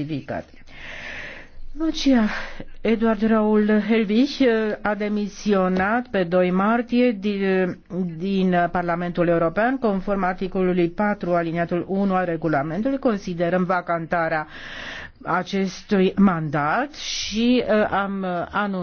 justificat. Lucia Eduard Raul Helvich eh, a demisionat pe 2 martie din, din Parlamentul European conform articolului 4 aliniatul 1 al regulamentului. Considerăm vacantarea acestui mandat și eh, am anunțat